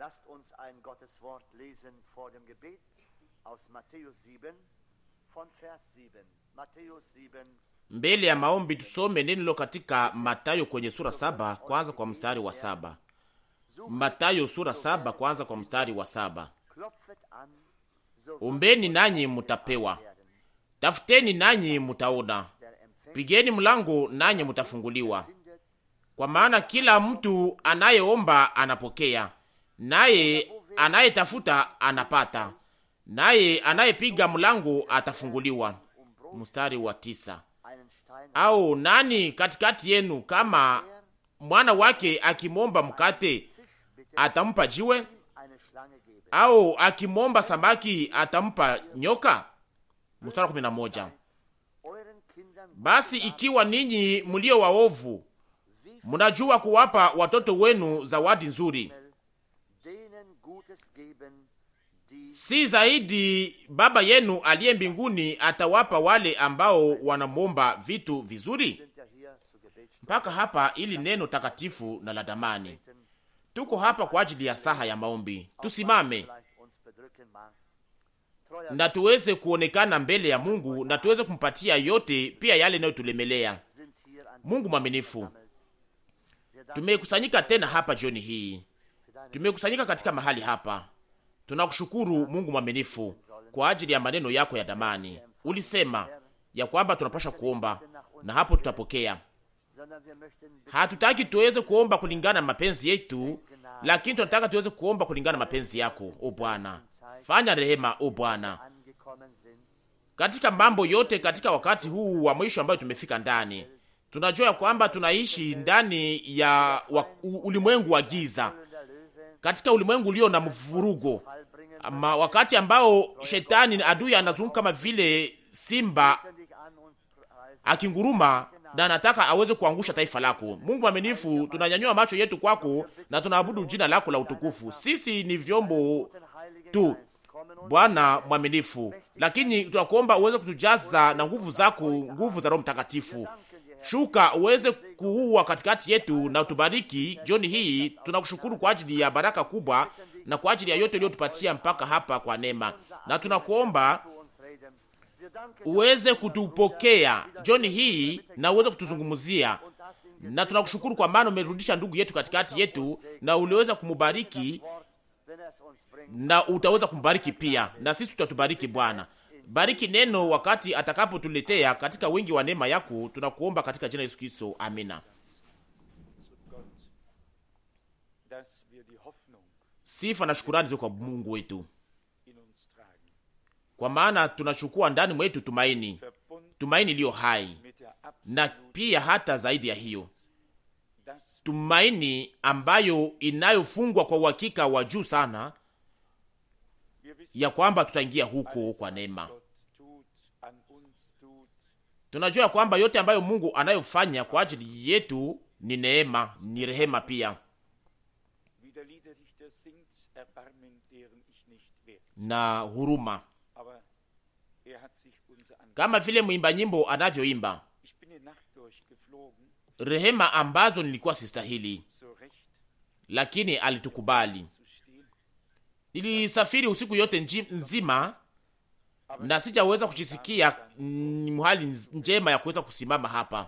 Lasst uns ein Gottes Wort lesen vor dem Gebet aus Matthäus 7 von Vers 7. Matthäus 7. Mbele ya maombi tusome neno katika Mathayo kwenye sura saba kwanza kwa mstari wa saba. Mathayo sura saba kwanza kwa mstari wa saba. Ombeni nanyi mutapewa, tafuteni nanyi mutaona, pigeni mlango nanyi mutafunguliwa, kwa maana kila mtu anayeomba anapokea naye anayetafuta anapata, naye anayepiga mlango atafunguliwa. Mstari wa tisa. Au nani katikati yenu kama mwana wake akimwomba mkate atampa jiwe? Au akimwomba samaki atampa nyoka? Mstari kumi na moja. Basi ikiwa ninyi mlio waovu mnajua kuwapa watoto wenu zawadi nzuri, si zaidi Baba yenu aliye mbinguni atawapa wale ambao wanamwomba vitu vizuri. Mpaka hapa, ili neno takatifu na la damani. Tuko hapa kwa ajili ya saha ya maombi. Tusimame na tuweze kuonekana mbele ya Mungu na tuweze kumpatia yote, pia yale inayotulemelea. Mungu mwaminifu, tumekusanyika tena hapa jioni hii tumekusanyika katika mahali hapa. Tunakushukuru Mungu mwaminifu kwa ajili ya maneno yako ya damani. Ulisema ya kwamba tunapasha kuomba na hapo tutapokea. Hatutaki tuweze kuomba kulingana na mapenzi yetu, lakini tunataka tuweze kuomba kulingana na mapenzi yako. O Bwana, fanya rehema. O Bwana, katika mambo yote, katika wakati huu wa mwisho ambayo tumefika ndani, tunajua ya kwamba tunaishi ndani ya ulimwengu wa giza katika ulimwengu ulio na mvurugo, ama wakati ambao shetani adui anazunguka kama vile simba akinguruma na anataka aweze kuangusha taifa lako. Mungu mwaminifu, tunanyanyua macho yetu kwako na tunaabudu jina lako la utukufu. Sisi ni vyombo tu, Bwana mwaminifu, lakini tunakuomba uweze kutujaza na nguvu zako, nguvu za Roho Mtakatifu, Shuka uweze kuua katikati yetu na utubariki jioni hii. Tunakushukuru kwa ajili ya baraka kubwa na kwa ajili ya yote uliyotupatia mpaka hapa kwa neema, na tunakuomba uweze kutupokea jioni hii na uweze kutuzungumzia, na tunakushukuru kwa maana umerudisha ndugu yetu katikati yetu na uliweza kumubariki na utaweza kumbariki pia, na sisi tutatubariki Bwana. Bariki neno wakati atakapotuletea katika wingi wa neema yako, tunakuomba katika jina Yesu Kristo, amina. Sifa na shukurani zio kwa Mungu wetu, kwa maana tunachukua ndani mwetu tumaini, tumaini iliyo hai, na pia hata zaidi ya hiyo, tumaini ambayo inayofungwa kwa uhakika wa juu sana ya kwamba tutaingia huko kwa neema tunajua kwamba yote ambayo Mungu anayofanya kwa ajili yetu ni neema, ni rehema pia. na huruma kama vile mwimba nyimbo anavyoimba rehema ambazo nilikuwa sistahili, lakini alitukubali. Nilisafiri usiku yote nzima na sijaweza kujisikia mhali njema ya kuweza kusimama hapa,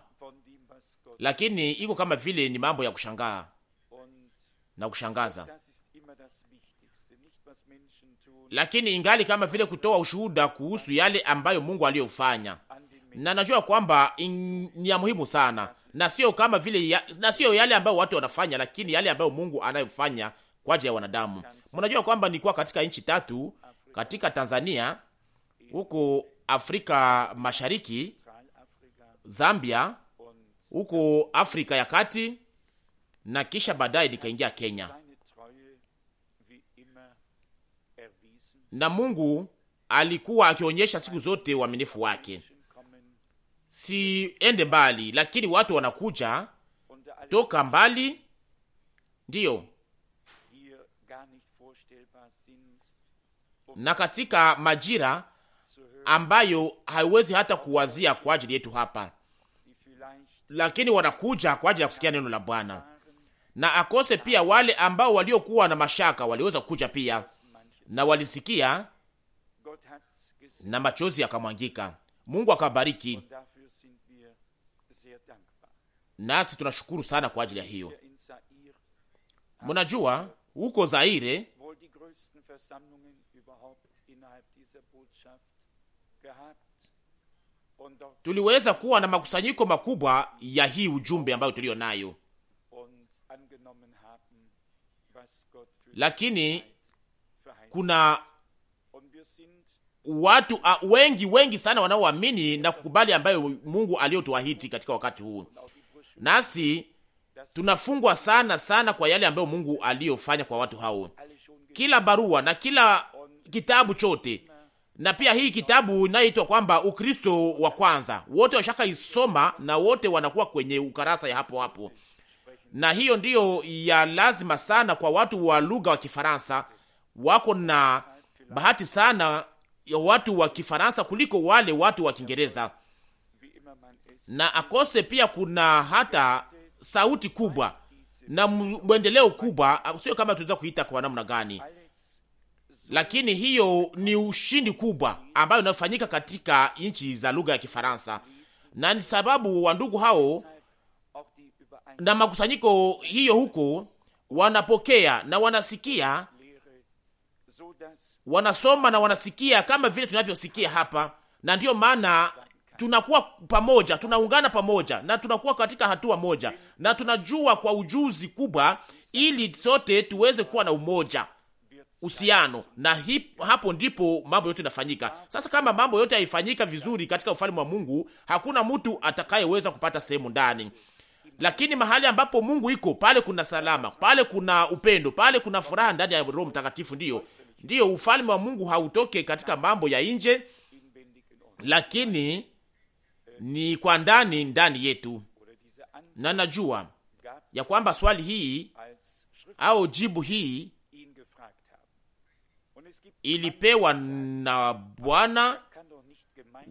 lakini iko kama vile ni mambo ya kushangaa na kushangaza, lakini ingali kama vile kutoa ushuhuda kuhusu yale ambayo Mungu aliyofanya, na najua kwamba ni ya muhimu sana, na sio kama vile ya, na sio yale ambayo watu wanafanya, lakini yale ambayo Mungu anayofanya kwa ajili ya wanadamu. Mnajua kwamba nilikuwa katika nchi tatu katika Tanzania huko Afrika Mashariki, Zambia, huko Afrika ya Kati na kisha baadaye nikaingia Kenya. Na Mungu alikuwa akionyesha siku zote uaminifu wake. Siende mbali, lakini watu wanakuja toka mbali, ndiyo, na katika majira ambayo haiwezi hata kuwazia kwa ajili yetu hapa, lakini wanakuja kwa ajili ya kusikia neno la Bwana. Na akose pia wale ambao waliokuwa na mashaka waliweza kuja pia na walisikia, na machozi yakamwangika, Mungu akabariki. Nasi tunashukuru sana kwa ajili ya hiyo. Mnajua huko Zaire tuliweza kuwa na makusanyiko makubwa ya hii ujumbe ambayo tuliyo nayo, lakini kuna watu wengi wengi sana wanaoamini na kukubali ambayo Mungu aliyotuahidi katika wakati huu, nasi tunafungwa sana sana kwa yale ambayo Mungu aliyofanya kwa watu hao. Kila barua na kila kitabu chote na pia hii kitabu inayoitwa kwamba Ukristo wa kwanza, wote washaka isoma na wote wanakuwa kwenye ukarasa ya hapo hapo, na hiyo ndiyo ya lazima sana kwa watu wa lugha wa Kifaransa. Wako na bahati sana ya watu wa Kifaransa kuliko wale watu wa Kiingereza, na akose pia kuna hata sauti kubwa na mwendeleo kubwa, sio kama tunaweza kuita kwa namna gani lakini hiyo ni ushindi kubwa ambayo inafanyika katika nchi za lugha ya Kifaransa, na ni sababu wandugu hao na makusanyiko hiyo huko wanapokea na wanasikia, wanasoma na wanasikia kama vile tunavyosikia hapa, na ndiyo maana tunakuwa pamoja, tunaungana pamoja na tunakuwa katika hatua moja, na tunajua kwa ujuzi kubwa, ili sote tuweze kuwa na umoja uhusiano na hip, hapo ndipo mambo yote inafanyika. Sasa kama mambo yote haifanyika vizuri katika ufalme wa Mungu, hakuna mtu atakayeweza kupata sehemu ndani. Lakini mahali ambapo Mungu iko pale, kuna salama, pale kuna upendo, pale kuna furaha ndani ya Roho Mtakatifu. Ndiyo, ndiyo, ufalme wa Mungu hautoke katika mambo ya nje, lakini ni kwa ndani, ndani yetu. Na najua ya kwamba swali hii au jibu hii ilipewa na Bwana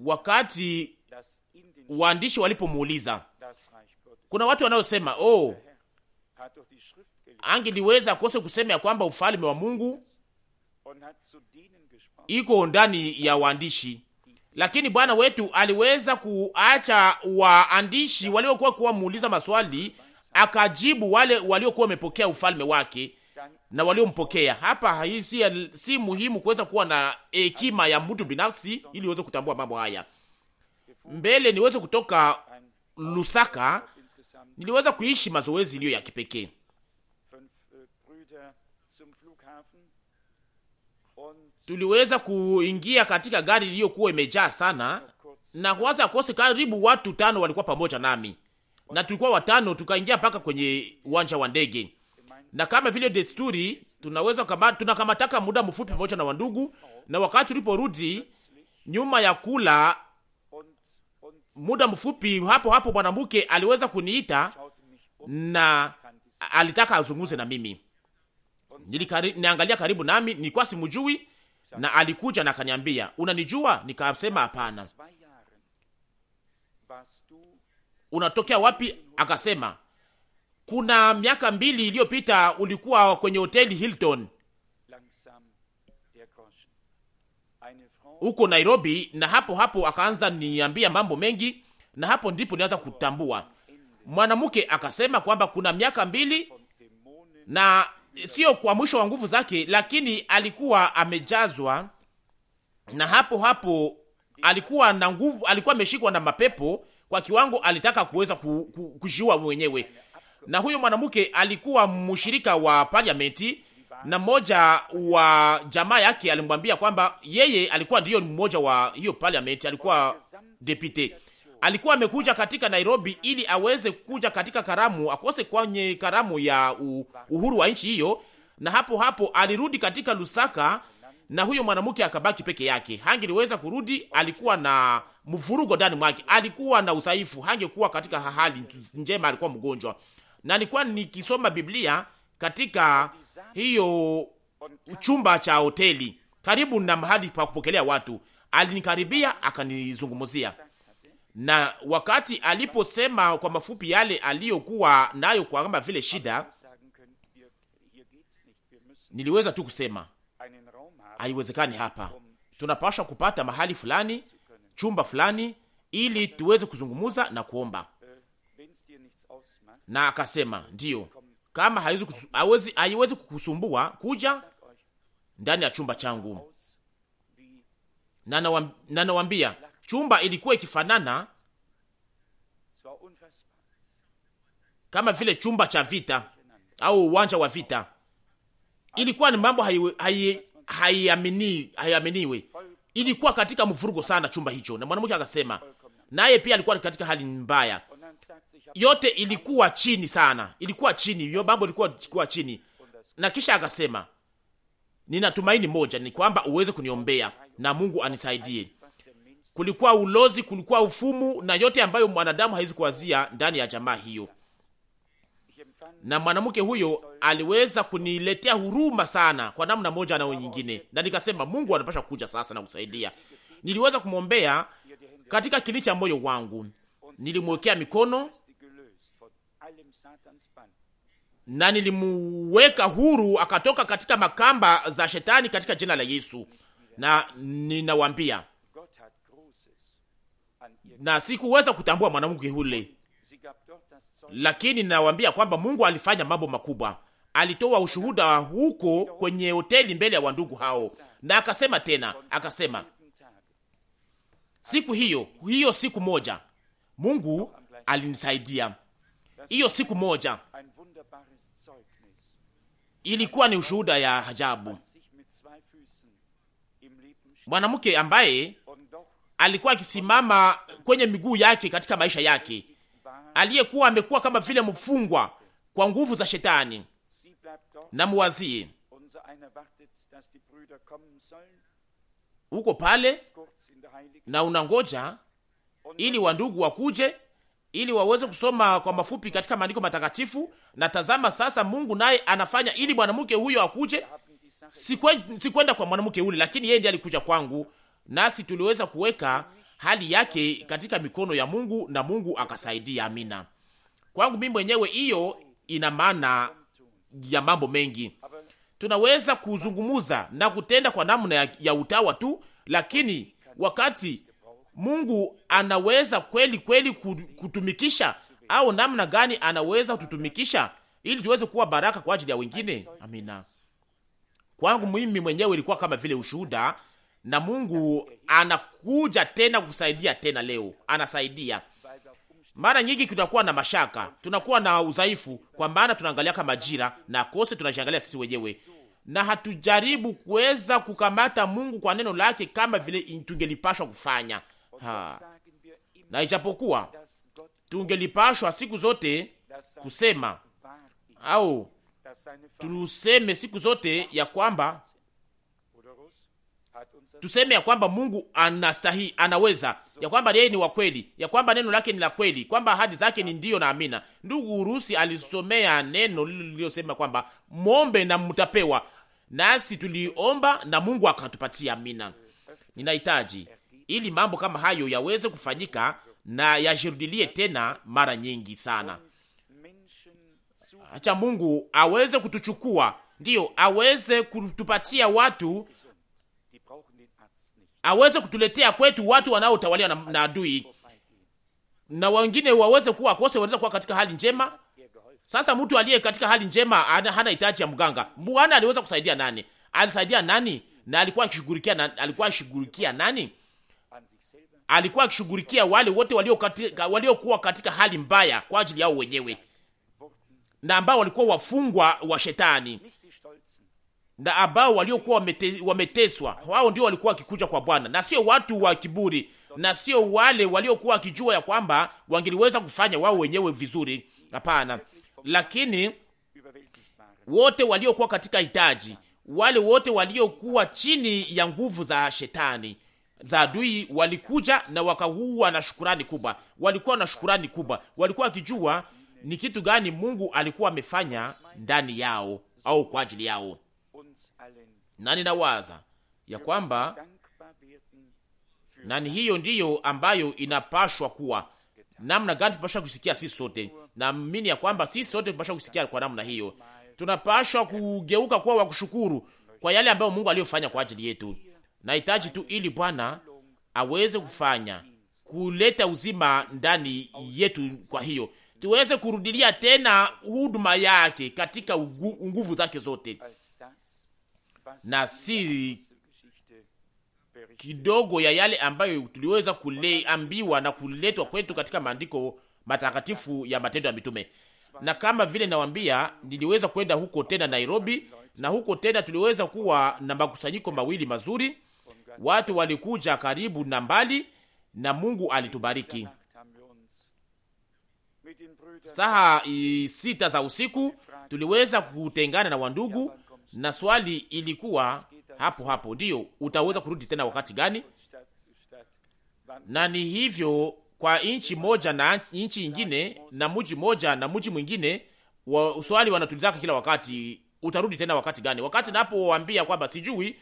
wakati waandishi walipomuuliza. Kuna watu wanaosema oh, liweza kose kusema ya kwamba ufalme wa Mungu iko ndani ya waandishi, lakini Bwana wetu aliweza kuacha waandishi waliokuwa kuwa muuliza maswali, akajibu wale waliokuwa wamepokea ufalme wake na waliompokea. Hapa hii si, si muhimu kuweza kuwa na hekima ya mtu binafsi ili uweze kutambua mambo haya. Mbele niweze kutoka Lusaka, niliweza kuishi mazoezi iliyo ya kipekee tuliweza kuingia katika gari iliyokuwa imejaa sana, na kwanza kose karibu watu tano walikuwa pamoja nami, na tulikuwa watano, tukaingia mpaka kwenye uwanja wa ndege na kama vile desturi tunaweza kama, tunakamataka muda mfupi pamoja na wandugu, na wakati tuliporudi nyuma ya kula muda mfupi hapo hapo, mwanamke aliweza kuniita na alitaka azunguze na mimi. Nilikari, niangalia karibu nami, nilikuwa simujui, na alikuja na akaniambia, unanijua? Nikasema hapana. Unatokea wapi? Akasema kuna miaka mbili iliyopita ulikuwa kwenye hoteli Hilton huko Nairobi, na hapo hapo akaanza niambia mambo mengi, na hapo ndipo nianza kutambua. Mwanamke akasema kwamba kuna miaka mbili, na sio kwa mwisho wa nguvu zake, lakini alikuwa amejazwa na hapo hapo alikuwa na nguvu, alikuwa ameshikwa na mapepo kwa kiwango, alitaka kuweza ku, kujiua mwenyewe na huyo mwanamke alikuwa mshirika wa parliamenti, na mmoja wa jamaa yake alimwambia kwamba yeye alikuwa ndiyo mmoja wa hiyo parliamenti, alikuwa depute alikuwa amekuja katika Nairobi ili aweze kuja katika karamu akose kwenye karamu ya uhuru wa nchi hiyo, na hapo hapo alirudi katika Lusaka na huyo mwanamke akabaki peke yake. Hangeliweza kurudi, alikuwa na mvurugo ndani mwake, alikuwa na usaifu, hangekuwa katika hali njema, alikuwa mgonjwa na nilikuwa nikisoma Biblia katika hiyo chumba cha hoteli karibu na mahali pa kupokelea watu. Alinikaribia akanizungumzia, na wakati aliposema kwa mafupi yale aliyokuwa nayo kwa kama vile shida, niliweza tu kusema haiwezekani, hapa tunapaswa kupata mahali fulani, chumba fulani, ili tuweze kuzungumuza na kuomba na akasema ndiyo, kama haiwezi haiwezi haiwezi kukusumbua kuja ndani ya chumba changu. Na nawambia chumba ilikuwa ikifanana kama vile chumba cha vita au uwanja wa vita. Ilikuwa ni mambo hai hai, ilikuwa katika mvurugo sana chumba hicho, na mwanamke akasema, naye pia alikuwa katika hali mbaya yote ilikuwa chini sana, ilikuwa chini, hiyo mambo ilikuwa, ilikuwa chini. Na kisha akasema ninatumaini moja, ni kwamba uweze kuniombea na Mungu anisaidie. Kulikuwa ulozi, kulikuwa ufumu na yote ambayo mwanadamu hawezi kuwazia ndani ya jamaa hiyo, na mwanamke huyo aliweza kuniletea huruma sana kwa namna moja na nyingine, na nikasema Mungu anapasha kuja sasa na kusaidia. Niliweza kumwombea katika kili moyo wangu, nilimwekea mikono na nilimuweka huru akatoka katika makamba za shetani katika jina la Yesu. Na ninawambia na sikuweza kutambua mwanamke hule, lakini ninawambia kwamba Mungu alifanya mambo makubwa. Alitoa ushuhuda huko kwenye hoteli mbele ya wandugu hao, na akasema tena, akasema siku hiyo hiyo, siku moja Mungu alinisaidia hiyo siku moja Ilikuwa ni ushuhuda ya ajabu. Mwanamke ambaye alikuwa akisimama kwenye miguu yake katika maisha yake, aliyekuwa amekuwa kama vile mfungwa kwa nguvu za shetani na muwazie uko pale na unangoja ili wandugu wakuje ili waweze kusoma kwa mafupi katika maandiko matakatifu. Na tazama sasa, Mungu naye anafanya ili mwanamke huyo akuje, sikwenda kwa mwanamke ule, lakini yeye ndiye alikuja kwangu, nasi tuliweza kuweka hali yake katika mikono ya Mungu na Mungu akasaidia. Amina. Kwangu mimi mwenyewe, hiyo ina maana ya mambo mengi. Tunaweza kuzungumuza na kutenda kwa namna ya, ya utawa tu, lakini wakati Mungu anaweza kweli kweli kutumikisha au namna gani anaweza kututumikisha ili tuweze kuwa baraka kwa ajili ya wengine. Amina. Kwangu mimi mwenyewe ilikuwa kama vile ushuhuda, na Mungu anakuja tena kusaidia tena. Leo anasaidia. Mara nyingi tunakuwa na mashaka, tunakuwa na udhaifu, kwa maana tunaangalia kama majira na kose, tunajiangalia sisi wenyewe na hatujaribu kuweza kukamata Mungu kwa neno lake kama vile tungelipashwa kufanya ha. Na ijapokuwa tungelipashwa siku zote kusema au tuseme siku zote ya kwamba tuseme ya kwamba Mungu anastahi, anaweza, ya kwamba yeye ni wa kweli, ya kwamba neno lake ni la kweli, kwamba ahadi zake ni ndiyo na amina. Ndugu Urusi alisomea neno lililosema kwamba mwombe na mtapewa, nasi tuliomba na Mungu akatupatia amina. Ninahitaji ili mambo kama hayo yaweze kufanyika na yajirudilie tena mara nyingi sana. Acha Mungu aweze kutuchukua, ndiyo aweze kutupatia watu, aweze kutuletea kwetu watu wanaotawaliwa na, na adui na wengine waweze kuwa kose, waweze kuwa katika hali njema. Sasa mtu aliye katika hali njema hana hitaji ya mganga. Bwana aliweza kusaidia nani? Alisaidia nani? Na alikuwa akishughulikia na, alikuwa akishughulikia nani? alikuwa akishughulikia wale wote waliokuwa katika hali mbaya kwa ajili yao wenyewe na ambao walikuwa wafungwa wa shetani na ambao waliokuwa wamete, wameteswa. wao ndio walikuwa wakikuja kwa Bwana na sio watu wa kiburi, na sio wale waliokuwa wakijua ya kwamba wangeliweza kufanya wao wenyewe vizuri. Hapana, lakini wote waliokuwa katika hitaji, wale wote waliokuwa chini ya nguvu za shetani za adui walikuja na wakaua na shukurani kubwa, walikuwa na shukurani kubwa, walikuwa wakijua ni kitu gani Mungu alikuwa amefanya ndani yao au kwa ajili yao. Na ninawaza ya kwamba nani, hiyo ndiyo ambayo inapashwa kuwa namna gani tunapasha kusikia sisi sote. Naamini ya kwamba sisi sote tunapasha kusikia kwa namna hiyo, tunapashwa kugeuka kuwa wakushukuru kwa yale ambayo Mungu aliyofanya kwa ajili yetu nahitaji tu ili Bwana aweze kufanya kuleta uzima ndani yetu. Kwa hiyo tuweze kurudilia tena huduma yake katika nguvu zake zote, na si kidogo ya yale ambayo tuliweza kuleambiwa na kuletwa kwetu katika maandiko matakatifu ya Matendo ya Mitume. Na kama vile nawambia, niliweza kwenda huko tena Nairobi, na huko tena tuliweza kuwa na makusanyiko mawili mazuri watu walikuja karibu na mbali, na Mungu alitubariki. Saha sita za usiku tuliweza kutengana na wandugu, na swali ilikuwa hapo hapo, ndiyo utaweza kurudi tena wakati gani? Na ni hivyo kwa nchi moja na nchi ingine na mji moja na mji mwingine, wa swali wanatulizaka kila wakati, utarudi tena wakati gani? Wakati napowaambia kwamba sijui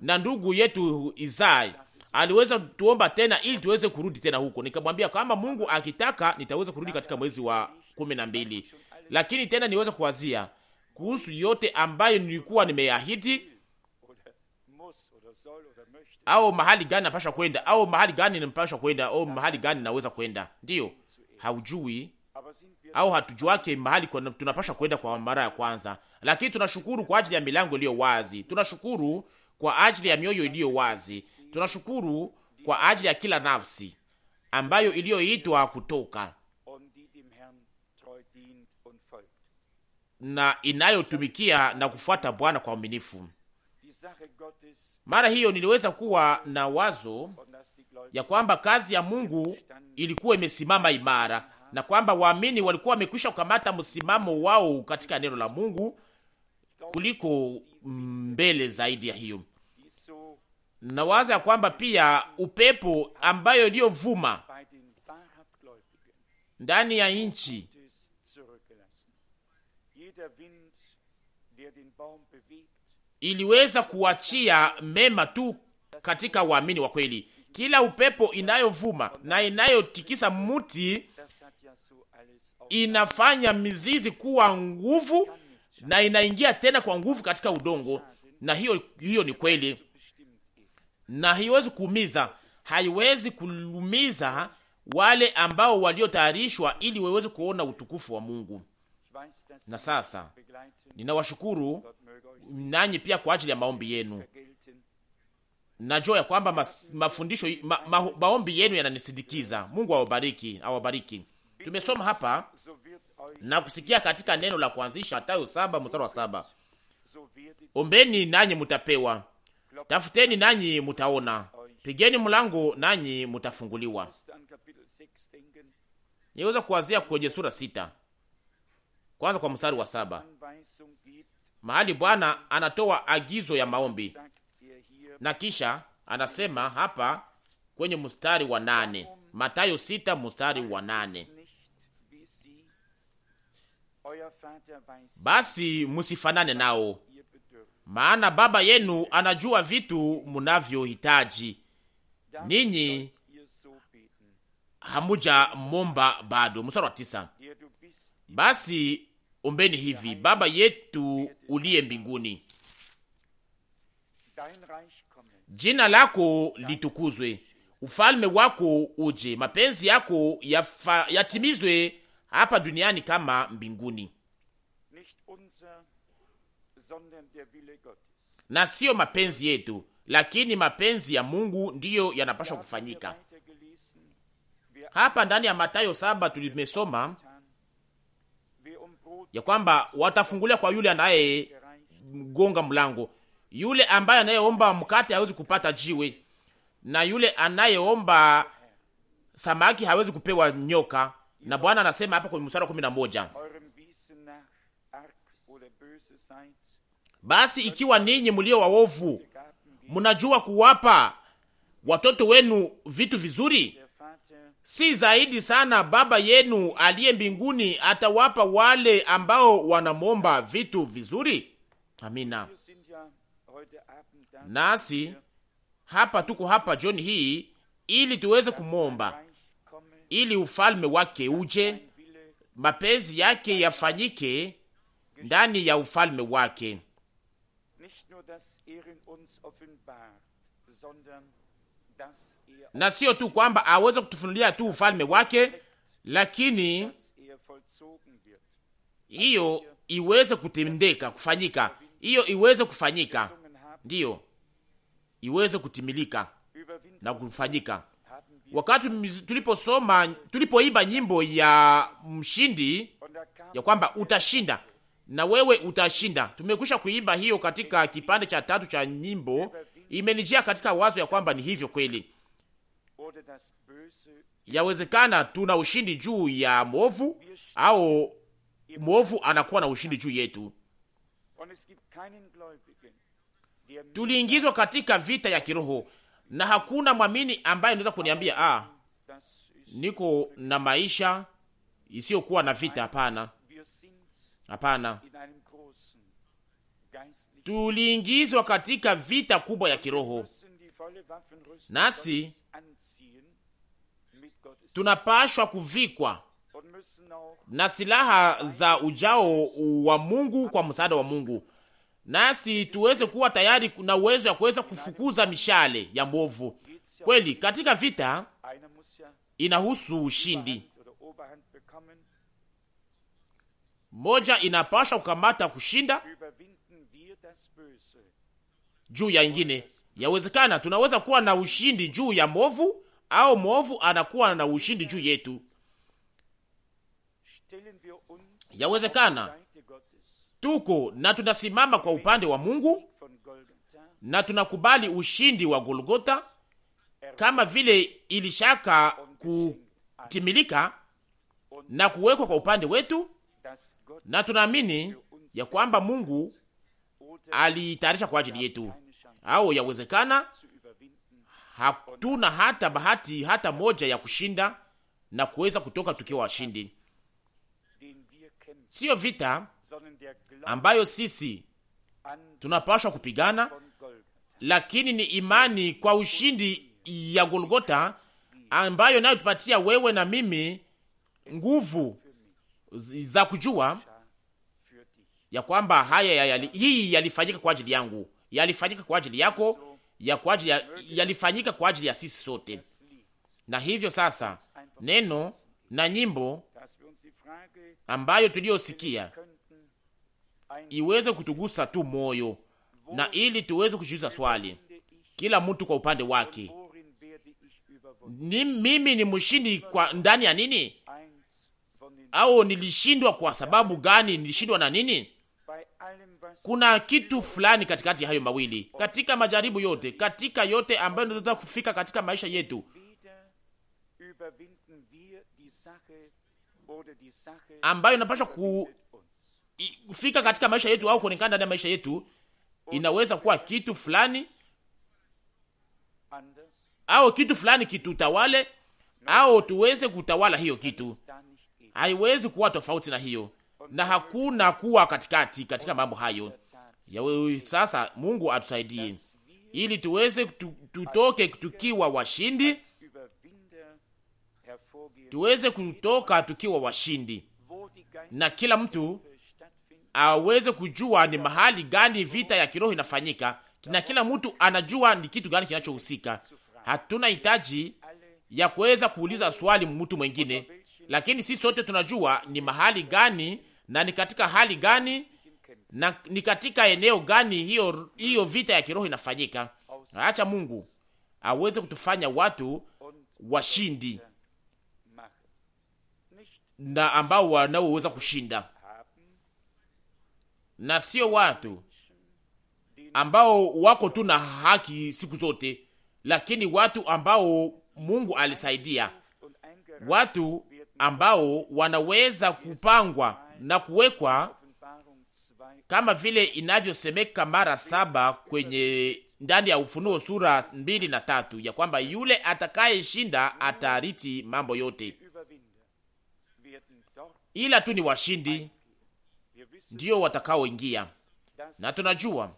na ndugu yetu Isaya aliweza tuomba tena ili tuweze kurudi tena huko. Nikamwambia kama Mungu akitaka nitaweza kurudi katika mwezi wa kumi na mbili, lakini tena niweza kuwazia kuhusu yote ambayo nilikuwa nimeahidi, au mahali gani napasha kwenda, au mahali gani nimpasha kwenda, au mahali gani naweza kwenda. Ndiyo haujui au hatujuake mahali tunapasha kwenda kwa mara ya kwanza, lakini tunashukuru kwa ajili ya milango iliyo wazi. Tunashukuru kwa ajili ya mioyo iliyo wazi. Tunashukuru kwa ajili ya kila nafsi ambayo iliyoitwa kutoka na inayotumikia na kufuata Bwana kwa uaminifu. Mara hiyo niliweza kuwa na wazo ya kwamba kazi ya Mungu ilikuwa imesimama imara na kwamba waamini walikuwa wamekwisha kukamata msimamo wao katika neno la Mungu kuliko mm, mbele zaidi ya hiyo na waza ya kwamba pia upepo ambayo iliyovuma ndani ya nchi iliweza kuachia mema tu katika waamini wa kweli. Kila upepo inayovuma na inayotikisa mti inafanya mizizi kuwa nguvu na inaingia tena kwa nguvu katika udongo, na hiyo hiyo ni kweli na haiwezi kuumiza, haiwezi kulumiza wale ambao waliotayarishwa ili waweze kuona utukufu wa Mungu. Na sasa ninawashukuru nanyi pia kwa ajili ya maombi yenu. Najua ya kwamba mas, mafundisho ma, ma, maombi yenu yananisindikiza. Mungu awabariki, awabariki. Tumesoma hapa na kusikia katika neno la kuanzisha Mathayo saba mstari wa saba, ombeni nanyi mutapewa Tafuteni nanyi mutaona, pigeni mlango nanyi mutafunguliwa. Niweza kuanzia kwenye sura sita kwanza kwa mstari wa saba mahali Bwana anatoa agizo ya maombi, na kisha anasema hapa kwenye mstari wa nane Matayo sita mstari wa nane basi musifanane nao maana Baba yenu anajua vitu mnavyohitaji ninyi hamuja momba bado. Mstari wa tisa, basi ombeni hivi: Baba yetu uliye mbinguni, jina lako litukuzwe, ufalme wako uje, mapenzi yako yatimizwe hapa duniani kama mbinguni. na siyo mapenzi yetu, lakini mapenzi ya Mungu ndiyo yanapashwa kufanyika. Hapa ndani ya Mathayo saba tulimesoma ya kwamba watafungulia kwa yule anaye mgonga mlango. Yule ambaye anayeomba mkate hawezi kupata jiwe, na yule anayeomba samaki hawezi kupewa nyoka. Na Bwana anasema hapa kwenye mstari wa kumi na moja basi ikiwa ninyi mlio waovu mnajua kuwapa watoto wenu vitu vizuri, si zaidi sana Baba yenu aliye mbinguni atawapa wale ambao wanamwomba vitu vizuri? Amina. Nasi hapa tuko hapa jioni hii ili tuweze kumwomba ili ufalme wake uje, mapenzi yake yafanyike ndani ya ufalme wake na sio tu kwamba aweze kutufunulia tu ufalme wake, lakini hiyo iweze kutendeka, kufanyika, hiyo iweze kufanyika, ndiyo iweze kutimilika na kufanyika. Wakati tuliposoma tulipoimba nyimbo ya mshindi ya kwamba utashinda na wewe utashinda. Tumekwisha kuimba hiyo katika kipande cha tatu cha nyimbo. Imenijia katika wazo ya kwamba ni hivyo kweli, yawezekana tuna ushindi juu ya mwovu au mwovu anakuwa na ushindi juu yetu. Tuliingizwa katika vita ya kiroho, na hakuna mwamini ambaye anaweza kuniambia ah, niko na maisha isiyokuwa na vita. Hapana. Hapana, tuliingizwa katika vita kubwa ya kiroho, nasi tunapashwa kuvikwa na silaha za ujao wa Mungu kwa msaada wa Mungu, nasi tuweze kuwa tayari na uwezo ya kuweza kufukuza mishale ya mwovu. Kweli katika vita inahusu ushindi, moja inapasha kukamata kushinda juu ya ingine. Yawezekana tunaweza kuwa na ushindi juu ya movu au movu anakuwa na ushindi juu yetu. Yawezekana tuko na tunasimama kwa upande wa Mungu na tunakubali ushindi wa Golgota kama vile ilishaka kutimilika na kuwekwa kwa upande wetu na tunaamini ya kwamba Mungu aliitayarisha kwa ajili yetu, au yawezekana hatuna hata bahati hata moja ya kushinda na kuweza kutoka tukiwa washindi. Siyo vita ambayo sisi tunapashwa kupigana, lakini ni imani kwa ushindi ya Golgota ambayo nayo tupatia wewe na mimi nguvu za kujua ya kwamba haya ya yali, hii yalifanyika kwa ajili yangu, yalifanyika kwa ajili yako, ya kwa ajili ya, yalifanyika kwa ajili ya sisi sote. Na hivyo sasa neno na nyimbo ambayo tuliyosikia iweze kutugusa tu moyo, na ili tuweze kujiuliza swali, kila mtu kwa upande wake, ni mimi ni mshindi kwa ndani ya nini? au nilishindwa kwa sababu gani? Nilishindwa na nini? Kuna kitu fulani katikati ya hayo mawili, katika majaribu yote, katika yote ambayo tunataka kufika katika maisha yetu ambayo inapaswa kufika katika maisha yetu au kuonekana ndani ya maisha yetu, inaweza kuwa kitu fulani au kitu fulani kitutawale au tuweze kutawala hiyo kitu, haiwezi kuwa tofauti na hiyo, na hakuna kuwa katikati katika mambo hayo. Yawe, sasa Mungu atusaidie ili tuweze tutoke tukiwa washindi, tuweze kutoka tukiwa washindi, na kila mtu aweze kujua ni mahali gani vita ya kiroho inafanyika, na kila mtu anajua ni kitu gani kinachohusika. Hatuna hitaji ya kuweza kuuliza swali mtu mwengine lakini sisi sote tunajua ni mahali gani na ni katika hali gani na ni katika eneo gani hiyo hiyo vita ya kiroho inafanyika. Acha Mungu aweze kutufanya watu washindi na ambao wanaoweza kushinda na sio watu ambao wako tu na haki siku zote, lakini watu ambao Mungu alisaidia, watu ambao wanaweza kupangwa na kuwekwa kama vile inavyosemeka mara saba kwenye ndani ya Ufunuo sura mbili na tatu ya kwamba yule atakayeshinda ataariti mambo yote, ila tu ni washindi ndiyo watakaoingia. Na tunajua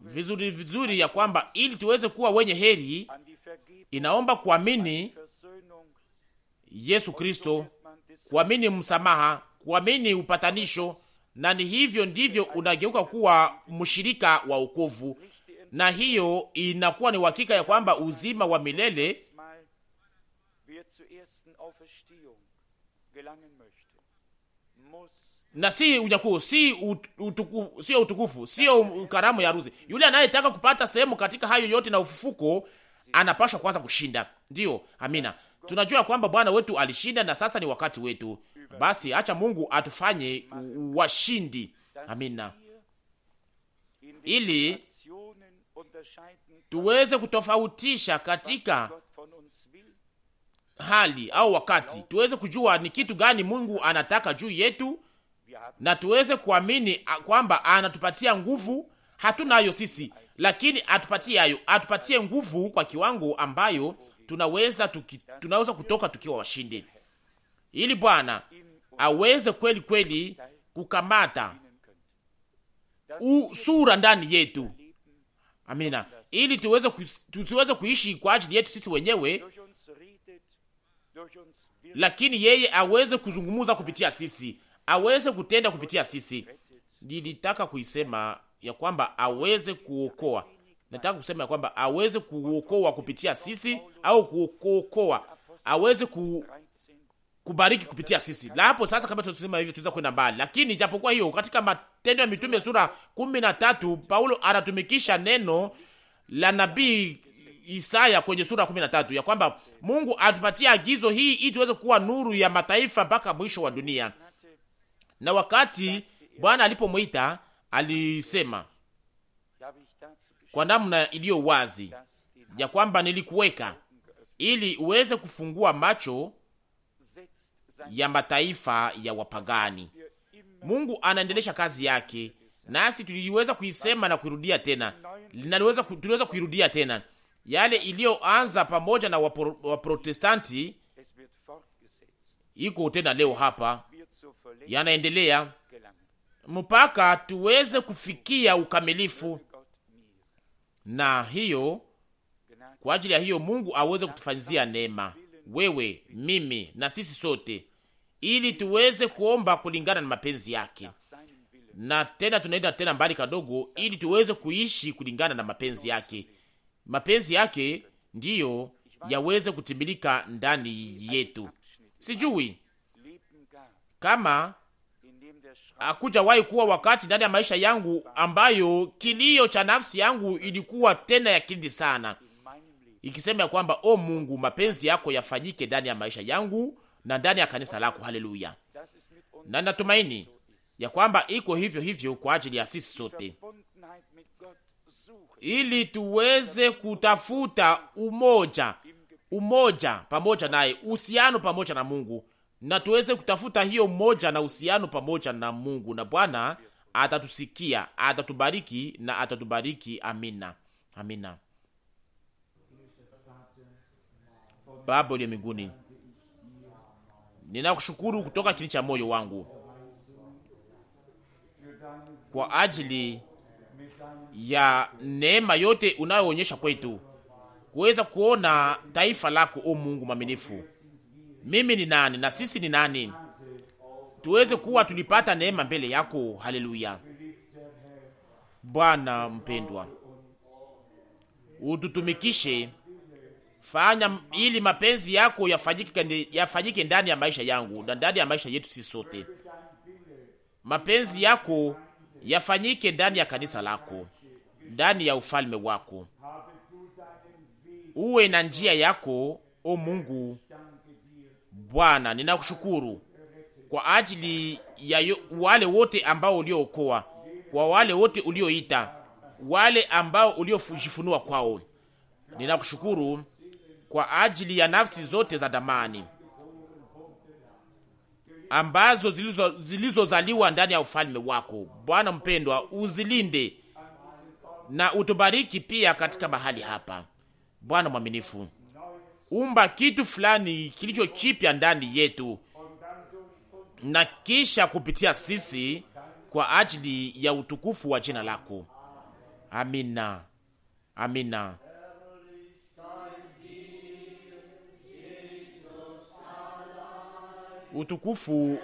vizuri vizuri ya kwamba ili tuweze kuwa wenye heri, inaomba kuamini Yesu Kristo, kuamini msamaha, kuamini upatanisho, na ni hivyo ndivyo unageuka kuwa mshirika wa wokovu, na hiyo inakuwa ni uhakika ya kwamba uzima wa milele na si unyakuo, si utukufu, sio utukufu, sio karamu ya ruzi Yule anayetaka kupata sehemu katika hayo yote na ufufuko anapaswa kwanza kushinda. Ndiyo, amina. Tunajua kwamba Bwana wetu alishinda na sasa ni wakati wetu. Basi acha Mungu atufanye washindi. Amina, ili tuweze kutofautisha katika hali au wakati, tuweze kujua ni kitu gani Mungu anataka juu yetu, na tuweze kuamini kwamba anatupatia nguvu. Hatunayo sisi, lakini atupatie hayo, atupatie nguvu kwa kiwango ambayo tunaweza tuki, tunaweza kutoka tukiwa washindi, ili Bwana aweze kweli kweli kukamata sura ndani yetu. Amina, ili tuweze ku, tusiweze kuishi kwa ajili yetu sisi wenyewe, lakini yeye aweze kuzungumuza kupitia sisi, aweze kutenda kupitia sisi. Nilitaka kuisema ya kwamba aweze kuokoa Nataka kusema kwamba aweze kuokoa kupitia sisi au kuokoa aweze ku, kubariki kupitia sisi. La hapo sasa, kama tunasema hivyo, tunaweza kwenda mbali, lakini japokuwa hiyo, katika Matendo ya Mitume sura 13 Paulo anatumikisha neno la nabii Isaya kwenye sura 13 ya kwamba Mungu atupatia agizo hii ili tuweze kuwa nuru ya mataifa mpaka mwisho wa dunia. Na wakati Bwana alipomwita alisema kwa namna iliyo wazi ya kwamba nilikuweka ili uweze kufungua macho ya mataifa ya wapagani. Mungu anaendelesha kazi yake, nasi tuliweza kuisema na kuirudia tena, linaliweza tuliweza kuirudia tena yale iliyoanza pamoja na wapro, Waprotestanti iko tena leo hapa, yanaendelea mpaka tuweze kufikia ukamilifu na hiyo kwa ajili ya hiyo Mungu aweze kutufanyizia neema, wewe, mimi na sisi sote, ili tuweze kuomba kulingana na mapenzi yake. Na tena tunaenda tena mbali kadogo, ili tuweze kuishi kulingana na mapenzi yake, mapenzi yake ndiyo yaweze kutimilika ndani yetu. Sijui kama hakujawahi kuwa wakati ndani ya maisha yangu ambayo kilio cha nafsi yangu ilikuwa tena ya kindi sana, ikisema ya kwamba o Mungu, mapenzi yako yafanyike ndani ya maisha yangu na ndani ya kanisa lako. Haleluya! Na natumaini ya kwamba iko hivyo hivyo kwa ajili ya sisi sote, ili tuweze kutafuta umoja, umoja pamoja naye, uhusiano pamoja na Mungu na tuweze kutafuta hiyo moja na uhusiano pamoja na Mungu na Bwana atatusikia, atatubariki na atatubariki. Amina, amina. Baba uliye mbinguni, ninakushukuru kutoka kili cha moyo wangu kwa ajili ya neema yote unayoonyesha kwetu kuweza kuona taifa lako, o Mungu mwaminifu mimi ni nani na sisi ni nani, tuweze kuwa tulipata neema mbele yako. Haleluya. Bwana mpendwa, ututumikishe fanya ili mapenzi yako yafanyike, yafanyike ndani ya maisha yangu na ndani ya maisha yetu sisi sote. Mapenzi yako yafanyike ndani ya kanisa lako, ndani ya ufalme wako. Uwe na njia yako, o Mungu, Bwana, ninakushukuru kwa ajili ya wale wote ambao uliookoa, kwa wale wote ulioita, wale ambao uliojifunua kwao. Ninakushukuru kwa ajili ya nafsi zote za damani ambazo zilizozaliwa ndani ya ufalme wako. Bwana mpendwa, uzilinde na utubariki pia katika mahali hapa, Bwana mwaminifu umba kitu fulani kilicho kipya ndani yetu, na kisha kupitia sisi kwa ajili ya utukufu wa jina lako. Amina, amina. Utukufu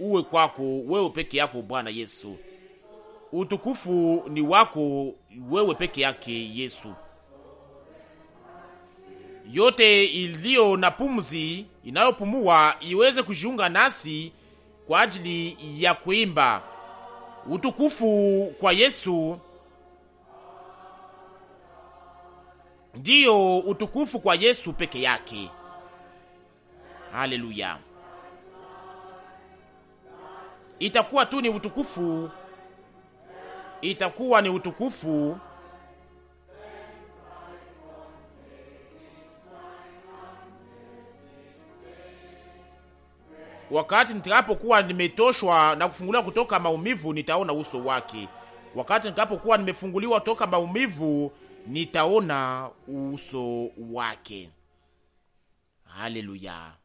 uwe kwako wewe peke yako Bwana Yesu. Utukufu ni wako wewe peke yake Yesu yote iliyo na pumzi inayopumua iweze kujiunga nasi kwa ajili ya kuimba utukufu kwa Yesu. Ndiyo, utukufu kwa Yesu peke yake. Haleluya! Itakuwa tu ni utukufu, itakuwa ni utukufu Wakati nitakapokuwa nimetoshwa na kufunguliwa kutoka maumivu, nitaona uso wake. Wakati nitakapokuwa nimefunguliwa toka maumivu, nitaona uso wake. Haleluya.